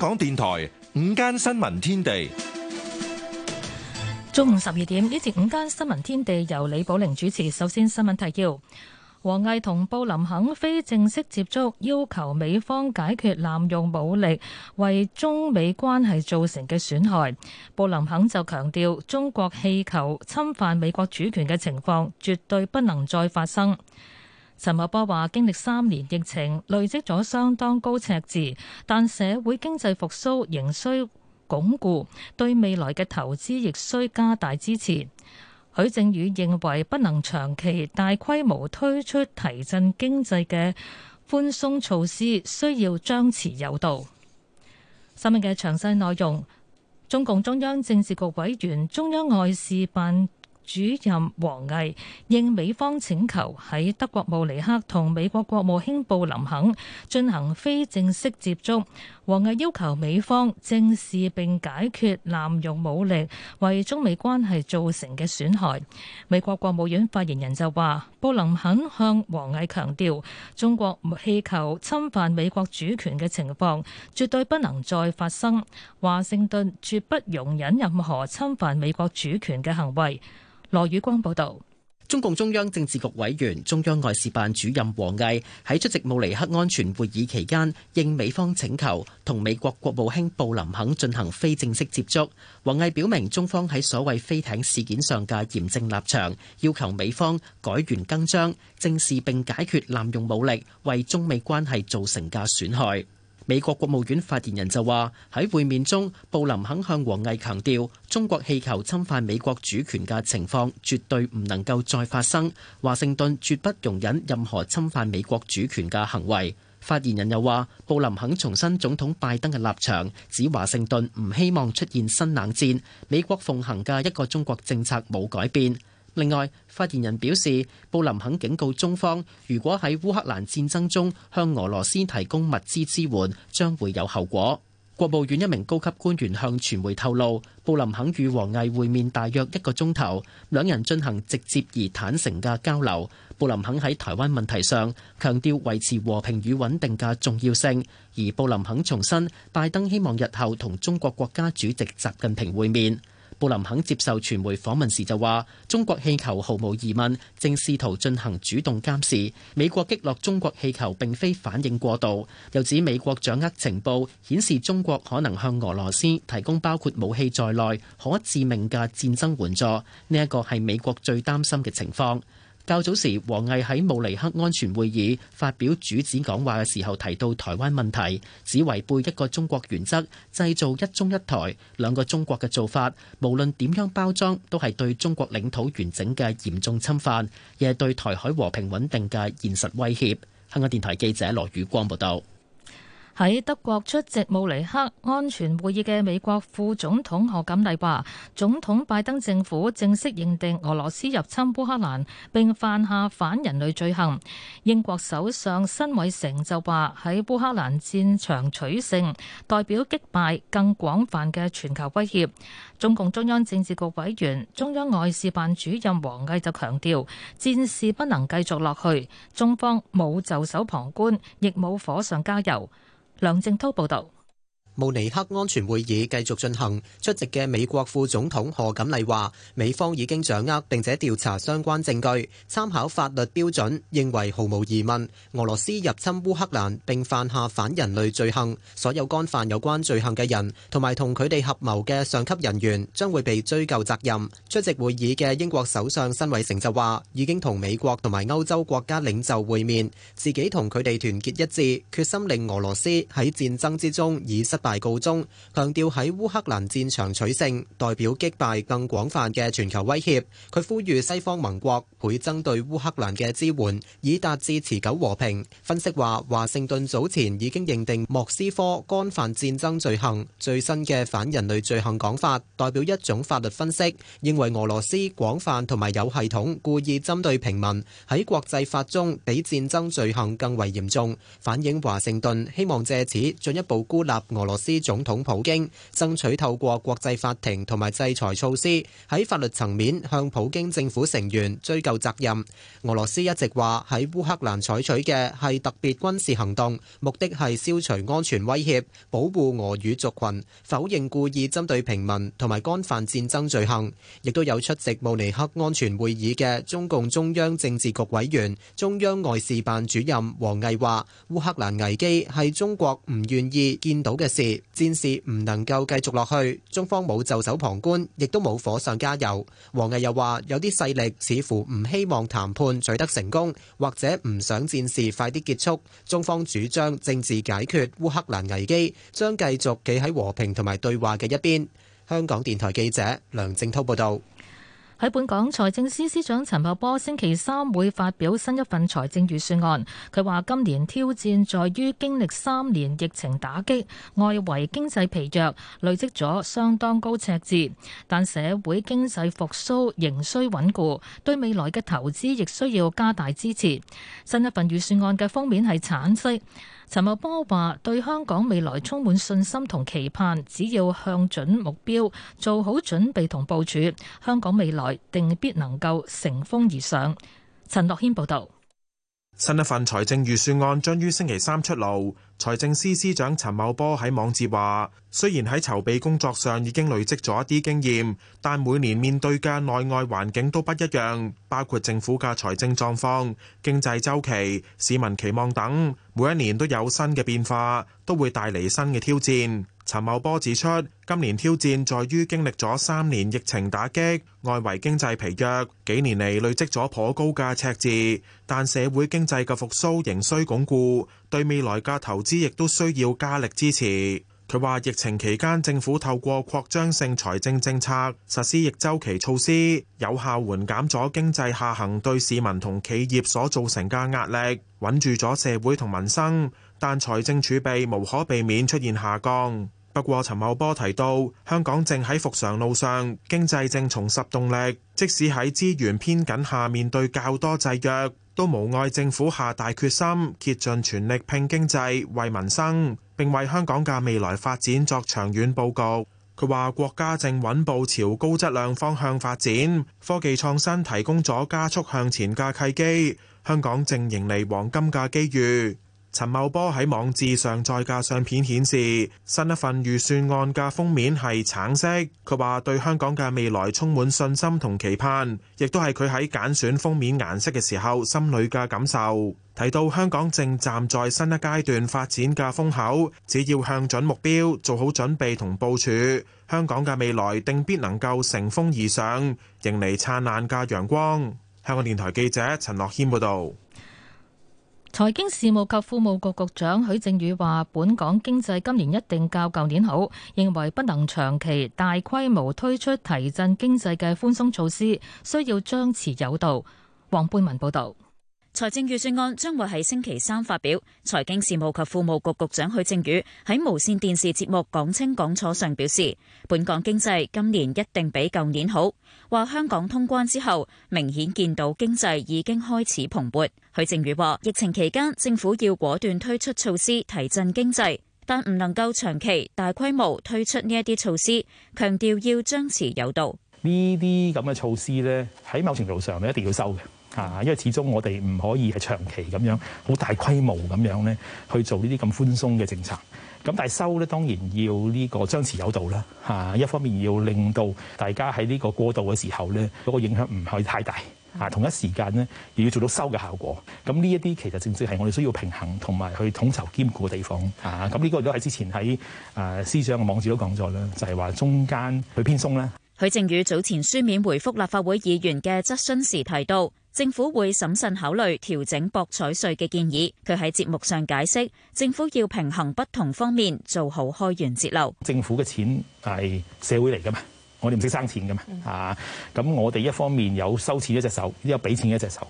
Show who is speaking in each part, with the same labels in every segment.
Speaker 1: 香港電臺午間新聞天地，
Speaker 2: 中午十二點，呢節午間新聞天地由李寶玲主持。首先，新聞提要：王毅同布林肯非正式接觸，要求美方解決濫用武力，為中美關係造成嘅損害。布林肯就強調，中國氣球侵犯美國主權嘅情況絕對不能再發生。陳茂波話：經歷三年疫情，累積咗相當高赤字，但社會經濟復蘇仍需鞏固，對未來嘅投資亦需加大支持。許正宇認為，不能長期大規模推出提振經濟嘅寬鬆措施，需要張弛有度。下面嘅詳細內容，中共中央政治局委員、中央外事辦。主任王毅應美方請求，喺德國慕尼黑同美國國務卿布林肯進行非正式接觸。王毅要求美方正視並解決濫用武力為中美關係造成嘅損害。美國國務院發言人就話，布林肯向王毅強調，中國氣球侵犯美國主權嘅情況絕對不能再發生，華盛頓絕不容忍任何侵犯美國主權嘅行為。羅宇光報道，
Speaker 3: 中共中央政治局委員、中央外事辦主任王毅喺出席慕尼黑安全會議期間，應美方請求，同美國國務卿布林肯進行非正式接觸。王毅表明，中方喺所謂飛艇事件上嘅嚴正立場，要求美方改弦更張，正視並解決濫用武力，為中美關係造成嘅損害。美國國務院發言人就話喺會面中，布林肯向王毅強調，中國氣球侵犯美國主權嘅情況絕對唔能夠再發生，華盛頓絕不容忍任何侵犯美國主權嘅行為。發言人又話，布林肯重申總統拜登嘅立場，指華盛頓唔希望出現新冷戰，美國奉行嘅一個中國政策冇改變。另外，發言人表示，布林肯警告中方，如果喺烏克蘭戰爭中向俄羅斯提供物資支援，將會有後果。國務院一名高級官員向傳媒透露，布林肯與王毅會面大約一個鐘頭，兩人進行直接而坦誠嘅交流。布林肯喺台灣問題上強調維持和平與穩定嘅重要性，而布林肯重申，拜登希望日後同中國國家主席習近平會面。布林肯接受傳媒訪問時就話，中國氣球毫無疑問正試圖進行主動監視，美國擊落中國氣球並非反應過度。又指美國掌握情報顯示中國可能向俄羅斯提供包括武器在內可致命嘅戰爭援助，呢一個係美國最擔心嘅情況。較早時，王毅喺慕尼黑安全會議發表主旨講話嘅時候提到台灣問題，指違背一個中國原則，製造一中一台兩個中國嘅做法，無論點樣包裝，都係對中國領土完整嘅嚴重侵犯，亦係對台海和平穩定嘅現實威脅。香港電台記者羅宇光報道。
Speaker 2: 喺德國出席慕尼黑安全會議嘅美國副總統賀錦麗話，總統拜登政府正式認定俄羅斯入侵烏克蘭，並犯下反人類罪行。英國首相辛偉誠就話，喺烏克蘭戰場取勝，代表擊敗更廣泛嘅全球威脅。中共中央政治局委員、中央外事辦主任王毅就強調，戰事不能繼續落去，中方冇袖手旁觀，亦冇火上加油。梁靜濤報道。
Speaker 4: 慕尼克安全會議繼續進行，出席嘅美國副總統賀錦麗話：美方已經掌握並且調查相關證據，參考法律標準，認為毫無疑問，俄羅斯入侵烏克蘭並犯下反人類罪行，所有干犯有關罪行嘅人同埋同佢哋合謀嘅上級人員將會被追究責任。出席會議嘅英國首相辛偉誠就話：已經同美國同埋歐洲國家領袖會面，自己同佢哋團結一致，決心令俄羅斯喺戰爭之中以失敗。大告中強調喺烏克蘭戰場取勝，代表擊敗更廣泛嘅全球威脅。佢呼籲西方盟國倍增對烏克蘭嘅支援，以達至持久和平。分析話，華盛頓早前已經認定莫斯科干犯戰爭罪行，最新嘅反人類罪行講法代表一種法律分析，認為俄羅斯廣泛同埋有系統故意針對平民，喺國際法中比戰爭罪行更為嚴重，反映華盛頓希望借此進一步孤立俄。俄羅斯總統普京爭取透過國際法庭同埋制裁措施，喺法律層面向普京政府成員追究責任。俄羅斯一直話喺烏克蘭採取嘅係特別軍事行動，目的係消除安全威脅，保護俄語族群，否認故意針對平民同埋干犯戰爭罪行。亦都有出席慕尼黑安全會議嘅中共中央政治局委員、中央外事辦主任王毅話：烏克蘭危機係中國唔願意見到嘅。戰事唔能夠繼續落去，中方冇袖手旁觀，亦都冇火上加油。王毅又話：有啲勢力似乎唔希望談判取得成功，或者唔想戰事快啲結束。中方主張政治解決烏克蘭危機，將繼續企喺和平同埋對話嘅一邊。香港電台記者梁正濤報道。
Speaker 2: 喺本港，財政司司長陳茂波星期三會發表新一份財政預算案。佢話：今年挑戰在於經歷三年疫情打擊，外圍經濟疲弱，累積咗相當高赤字。但社會經濟復甦仍需穩固，對未來嘅投資亦需要加大支持。新一份預算案嘅封面係橙色。陳茂波話：對香港未來充滿信心同期盼，只要向準目標做好準備同部署，香港未來定必能夠乘風而上。陳樂謙報道。
Speaker 1: 新一份財政預算案將於星期三出爐。財政司司長陳茂波喺網誌話：雖然喺籌備工作上已經累積咗一啲經驗，但每年面對嘅內外環境都不一樣，包括政府嘅財政狀況、經濟周期、市民期望等，每一年都有新嘅變化，都會帶嚟新嘅挑戰。陳茂波指出，今年挑戰在於經歷咗三年疫情打擊，外圍經濟疲弱，幾年嚟累積咗頗高嘅赤字，但社會經濟嘅復甦仍需鞏固，對未來嘅投資亦都需要加力支持。佢話，疫情期間政府透過擴張性財政政策實施逆周期措施，有效緩減咗經濟下行對市民同企業所造成嘅壓力，穩住咗社會同民生，但財政儲備無可避免出現下降。不過，陳茂波提到，香港正喺復常路上，經濟正重拾動力。即使喺資源偏緊下面對較多制約，都無礙政府下大決心，竭盡全力拼經濟、為民生，並為香港嘅未來發展作長遠佈局。佢話，國家正穩步朝高質量方向發展，科技創新提供咗加速向前嘅契機，香港正迎嚟黃金嘅機遇。陳茂波喺網誌上載嘅相片顯示，新一份預算案嘅封面係橙色。佢話對香港嘅未來充滿信心同期盼，亦都係佢喺揀選封面顏色嘅時候心裏嘅感受。提到香港正站在新一階段發展嘅風口，只要向準目標做好準備同部署，香港嘅未來定必能夠乘風而上，迎嚟燦爛嘅陽光。香港電台記者陳樂謙報道。
Speaker 2: 財經事務及庫務局局長許正宇話：本港經濟今年一定較舊年好，認為不能長期大規模推出提振經濟嘅寬鬆措施，需要張弛有度。黃貝文報道。
Speaker 5: 財政預算案將會喺星期三發表。財經事務及庫務局局長許正宇喺無綫電視節目《講清講楚》上表示，本港經濟今年一定比舊年好。話香港通關之後，明顯見到經濟已經開始蓬勃。許正宇話，疫情期間政府要果斷推出措施提振經濟，但唔能夠長期大規模推出呢一啲措施，強調要張弛有度。
Speaker 6: 呢啲咁嘅措施呢，喺某程度上你一定要收嘅。啊，因為始終我哋唔可以係長期咁樣好大規模咁樣咧去做呢啲咁寬鬆嘅政策。咁但係收咧，當然要呢個張弛有度啦。嚇、啊，一方面要令到大家喺呢個過渡嘅時候咧嗰、這個影響唔可以太大。嚇、啊，同一時間咧又要做到收嘅效果。咁呢一啲其實正正係我哋需要平衡同埋去統籌兼顧嘅地方。嚇、啊，咁、這、呢個都係之前喺誒司長嘅網誌都講咗啦，就係、是、話中間去偏鬆啦。
Speaker 5: 許正宇早前書面回覆立法會議員嘅質詢時提到。政府會審慎考慮調整博彩稅嘅建議。佢喺節目上解釋，政府要平衡不同方面，做好開源節流。
Speaker 6: 政府嘅錢係社會嚟噶嘛，我哋唔識生錢噶嘛、嗯、啊！咁我哋一方面有收錢一隻手，一有俾錢一隻手。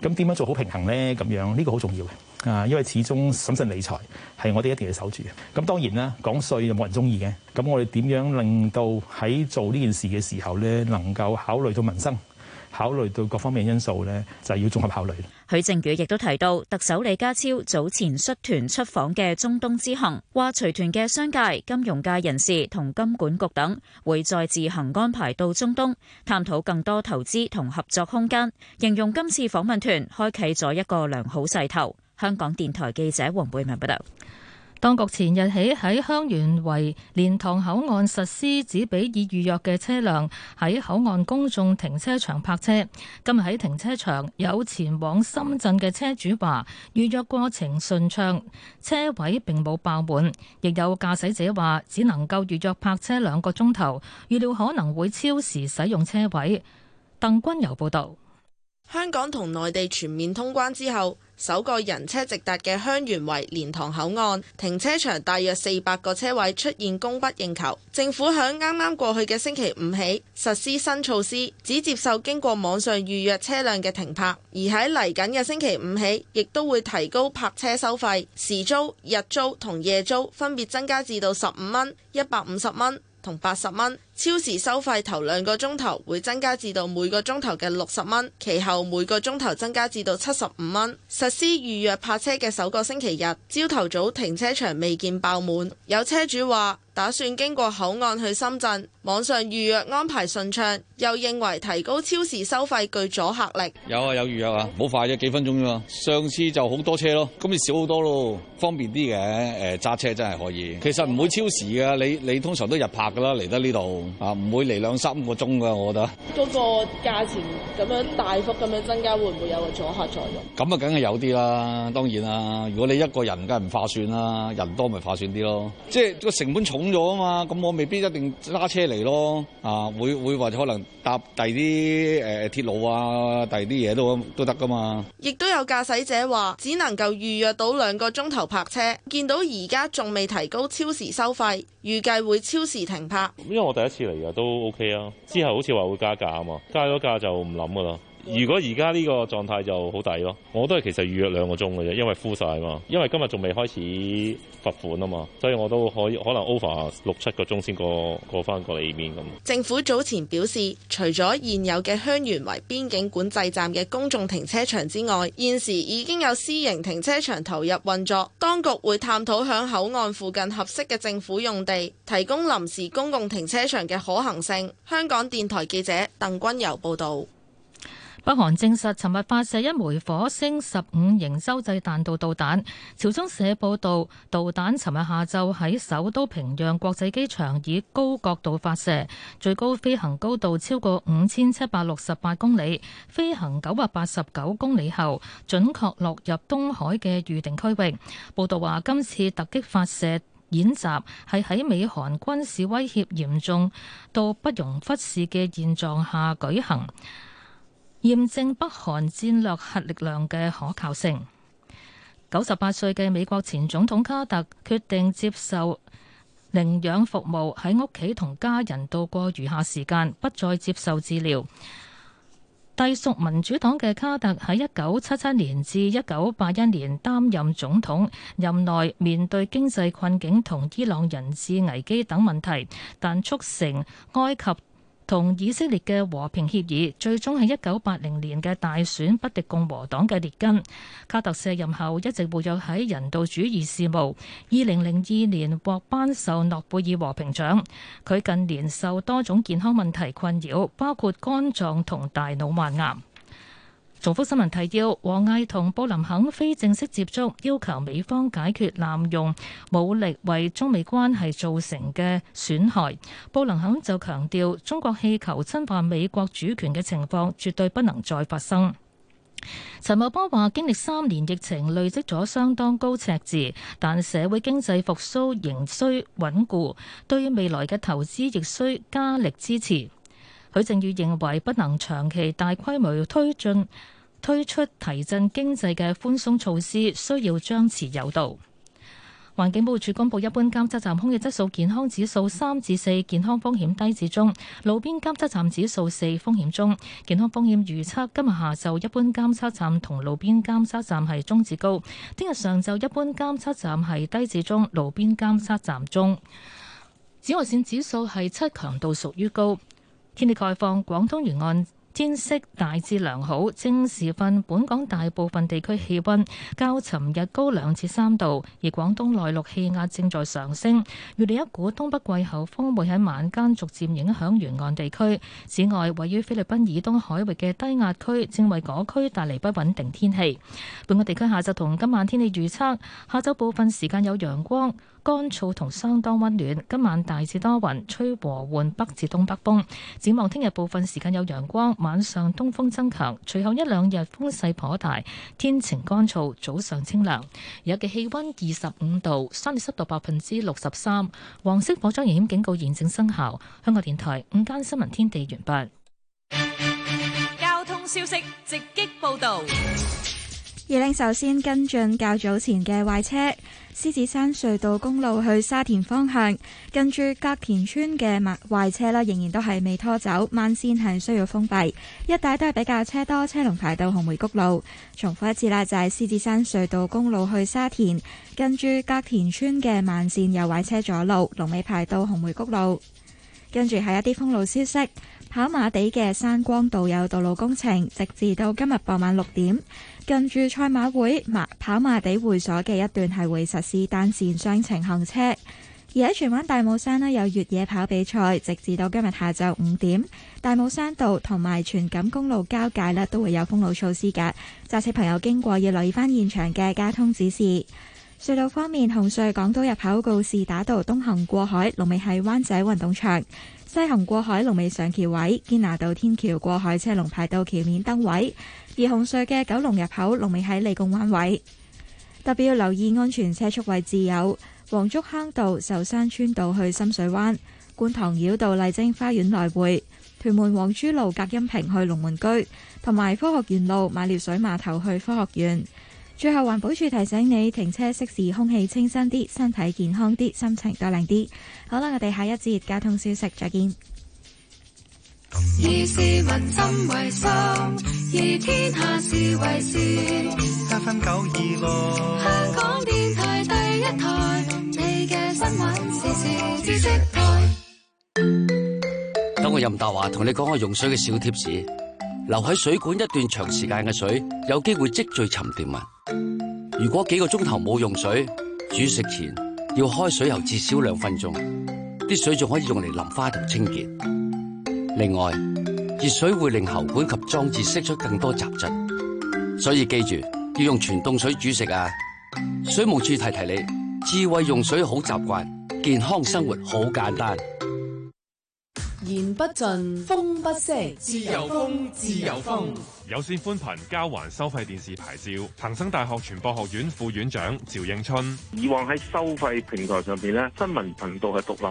Speaker 6: 咁點樣做好平衡咧？咁樣呢、呢個好重要嘅啊！因為始終審慎理財係我哋一定要守住嘅。啊，咁當然啦，講稅就冇人中意嘅。咁我哋點樣令到喺做呢件事嘅時候咧，能夠考慮到民生？考慮到各方面因素呢，就係要綜合考慮。
Speaker 5: 許正宇亦都提到，特首李家超早前率團出訪嘅中東之行，話隨團嘅商界、金融界人士同金管局等會再自行安排到中東，探討更多投資同合作空間。形容今次訪問團開啓咗一個良好勢頭。香港電台記者黃貝文報道。
Speaker 2: 當局前日起喺香園圍蓮塘口岸實施只俾已預約嘅車輛喺口岸公眾停車場泊車。今日喺停車場有前往深圳嘅車主話預約過程順暢，車位並冇爆滿。亦有駕駛者話只能夠預約泊車兩個鐘頭，預料可能會超時使用車位。鄧君由報導。
Speaker 7: 香港同內地全面通關之後，首個人車直達嘅香園圍蓮塘口岸停車場大約四百個車位出現供不應求。政府喺啱啱過去嘅星期五起實施新措施，只接受經過網上預約車輛嘅停泊，而喺嚟緊嘅星期五起，亦都會提高泊車收費，時租、日租同夜租分別增加至到十五蚊、一百五十蚊同八十蚊。超時收費，頭兩個鐘頭會增加至到每個鐘頭嘅六十蚊，其後每個鐘頭增加至到七十五蚊。實施預約泊車嘅首個星期日，朝頭早停車場未見爆滿，有車主話打算經過口岸去深圳，網上預約安排順暢，又認為提高超時收費具阻嚇力。
Speaker 6: 有啊，有預約啊，唔好快啫，幾分鐘啫嘛。上次就好多車咯，今次少好多咯，方便啲嘅。誒、呃，揸車真係可以。其實唔會超時噶，你你，你通常都日泊噶啦，嚟得呢度。啊，唔會嚟兩三個鐘噶。我覺得
Speaker 7: 嗰個價錢咁樣大幅咁樣增加，會唔會有個阻嚇作用？
Speaker 6: 咁啊，梗係有啲啦，當然啦。如果你一個人，梗係唔划算啦，人多咪划算啲咯。即係個成本重咗啊嘛，咁我未必一定揸車嚟咯。啊，會會或者可能搭第二啲誒鐵路啊，第二啲嘢都都得噶嘛。
Speaker 7: 亦都有駕駛者話，只能夠預約到兩個鐘頭泊車，見到而家仲未提高超時收費，預計會超時停泊。因
Speaker 6: 為我第一嚟嘅都 OK 啊，之後好似話會加價啊嘛，加咗價就唔諗噶啦。如果而家呢個狀態就好抵咯，我都係其實預約兩個鐘嘅啫，因為敷晒嘛，因為今日仲未開始罰款啊嘛，所以我都可以可能 over 六七個鐘先過過翻過嚟，呢邊咁。
Speaker 7: 政府早前表示，除咗現有嘅香園圍邊境管制站嘅公眾停車場之外，現時已經有私營停車場投入運作。當局會探討響口岸附近合適嘅政府用地提供臨時公共停車場嘅可行性。香港電台記者鄧君柔報道。
Speaker 2: 北韓證實，尋日發射一枚火星十五型洲際彈道導彈。朝中社報道，導彈尋日下晝喺首都平壤國際機場以高角度發射，最高飛行高度超過五千七百六十八公里，飛行九百八十九公里後，準確落入東海嘅預定區域。報道話，今次突擊發射演習係喺美韓軍事威脅嚴重到不容忽視嘅現狀下舉行。驗證北韓戰略核力量嘅可靠性。九十八歲嘅美國前總統卡特決定接受領養服務，喺屋企同家人度過餘下時間，不再接受治療。隸屬民主黨嘅卡特喺一九七七年至一九八一年擔任總統，任內面對經濟困境同伊朗人質危機等問題，但促成埃及同以色列嘅和平協議，最終係一九八零年嘅大選不敵共和黨嘅列根。卡特卸任後一直活躍喺人道主義事務，二零零二年獲頒授諾貝爾和平獎，佢近年受多種健康問題困擾，包括肝臟同大腦患癌。重複新聞提要：王毅同布林肯非正式接觸，要求美方解決濫用武力為中美關係造成嘅損害。布林肯就強調，中國氣球侵犯美國主權嘅情況絕對不能再發生。陳茂波話：經歷三年疫情，累積咗相當高赤字，但社會經濟復蘇仍需穩固，對未來嘅投資亦需加力支持。許正宇認為，不能長期大規模推進推出提振經濟嘅寬鬆措施，需要張弛有度。環境保護署公布一般監測站空氣質素健康指數三至四，健康風險低至中；路邊監測站指數四，風險中，健康風險預測今日下晝一般監測站同路邊監測站係中至高，聽日上晝一般監測站係低至中，路邊監測站中。紫外線指數係七，強度屬於高。天氣概況：廣東沿岸天色大致良好，正時分本港大部分地區氣溫較尋日高兩至三度，而廣東內陸氣壓正在上升。預料一股東北季候風會喺晚間逐漸影響沿岸地區。此外，位於菲律賓以東海域嘅低壓區正為嗰區帶嚟不穩定天氣。本港地區下晝同今晚天氣預測：下晝部分時間有陽光。乾燥同相當温暖，今晚大致多雲，吹和緩北至東北風。展望聽日部分時間有陽光，晚上東風增強，隨後一兩日風勢頗大，天晴乾燥，早上清涼，日嘅氣温二十五度，相對濕度百分之六十三，黃色火災危險警告現正生效。香港電台午間新聞天地完畢。交通消息直擊報道。
Speaker 8: 二零首先跟進較早前嘅壞車，獅子山隧道公路去沙田方向，跟住隔田村嘅慢壞車啦，仍然都係未拖走，慢線係需要封閉，一帶都係比較車多，車龍排到紅梅谷路。重複一次啦，就係獅子山隧道公路去沙田，跟住隔田村嘅慢線又壞車阻路，龍尾排到紅梅谷路。跟住係一啲封路消息。跑馬地嘅山光道有道路工程，直至到今日傍晚六點。近住賽馬會馬跑馬地會所嘅一段係會實施單線雙程行車。而喺荃灣大帽山呢，有越野跑比賽，直至到今日下晝五點。大帽山道同埋荃錦公路交界呢，都會有封路措施嘅，駕駛朋友經過要留意翻現場嘅交通指示。隧道方面，紅隧港島入口告士打道東行過海，龍尾係灣仔運動場。西行過海龍，龍尾上橋位堅拿道天橋過海車龍排到橋面燈位；而紅隧嘅九龍入口龍尾喺理工彎位。特別要留意安全車速位置，置，有黃竹坑道、壽山村道去深水灣、觀塘繞道麗晶花園來回、屯門黃珠路隔音屏去龍門居，同埋科學園路馬料水碼頭去科學園。最後，環保署提醒你停車，熄匙，空氣清新啲，身體健康啲，心情多靚啲。好啦，我哋下一節交通消息再見。
Speaker 4: 以市民心為心，以天下事為事，得分九二六。」香港電台第一台，你嘅新聞時事知識
Speaker 3: 台。等我任達華同你講下用水嘅小貼士。留喺水管一段長時間嘅水，有機會積聚沉澱物。如果幾個鐘頭冇用水，煮食前要開水喉至少兩分鐘，啲水仲可以用嚟淋花同清潔。另外，熱水會令喉管及裝置釋出更多雜質，所以記住要用全凍水煮食啊！水務處提提你，智慧用水好習慣，健康生活好簡單。
Speaker 7: 言不盡，風不息，自由風，自由
Speaker 1: 風。有線寬頻交還收費電視牌照，恒生大學傳播學院副院長趙應春。以往喺
Speaker 6: 收費平台上邊呢，新聞頻道係獨立，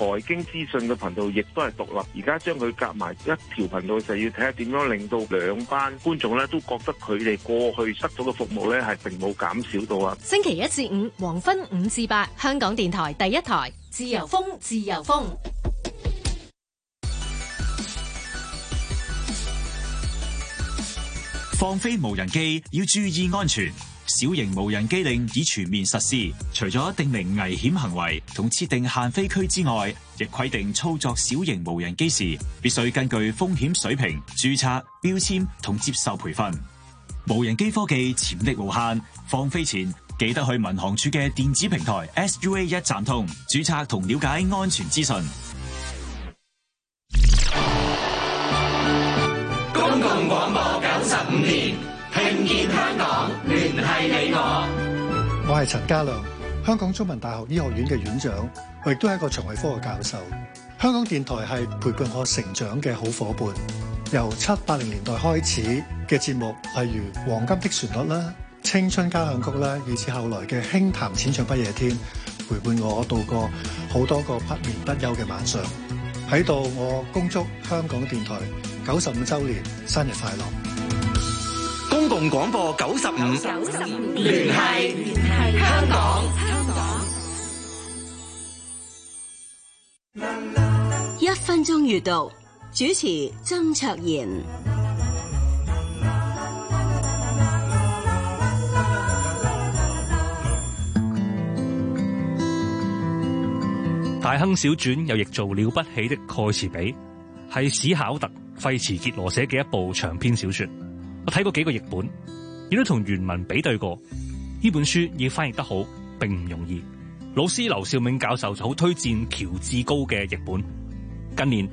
Speaker 6: 而財經資訊嘅頻道亦都係獨立。而家將佢夾埋一條頻道，就要睇下點樣令到兩班觀眾呢都覺得佢哋過去得到嘅服務呢係並冇減少到啊。
Speaker 2: 星期一至五，黃昏五至八，香港電台第一台，自由風，自由風。放
Speaker 6: 飛無人機要注意安全，小型無人機令已全面實施。除咗定明危險行為同設定限飛區之外，亦規定操作小型無人機時，必須根據風險水平注冊、標籤同接受培訓。無人機科技潛力無限，放飛前記得去民航處嘅電子平台 SUA 一站通注冊同了解安全資訊。
Speaker 3: 係陳家亮，香港中文大學醫學院嘅院長，我亦都係一個腸胃科嘅教授。香港電台係陪伴我成長嘅好夥伴。由七八零年代開始嘅節目，例如《黃金的旋律》啦，《青春交響曲》啦，以至後來嘅《輕談淺唱不夜天》，陪伴我度過好多個不眠不休嘅晚上。喺度，我恭祝香港電台九十五周年生日快樂！
Speaker 1: 公共
Speaker 4: 廣播九十五
Speaker 2: 年。係。
Speaker 5: 中閱讀主持曾卓賢，
Speaker 6: 《大亨小傳》又譯做了不起的蓋茨比，係史考特費茨傑羅寫嘅一部長篇小說。我睇過幾個譯本，亦都同原文比對過。呢本書要翻譯得好，並唔容易。老師劉紹銘教授就好推薦喬志高嘅譯本。今年，